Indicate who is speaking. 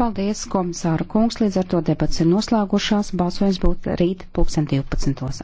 Speaker 1: Paldies, komisāra kungs, līdz ar to debats ir noslēgušās, balsojums būtu rīt 2012.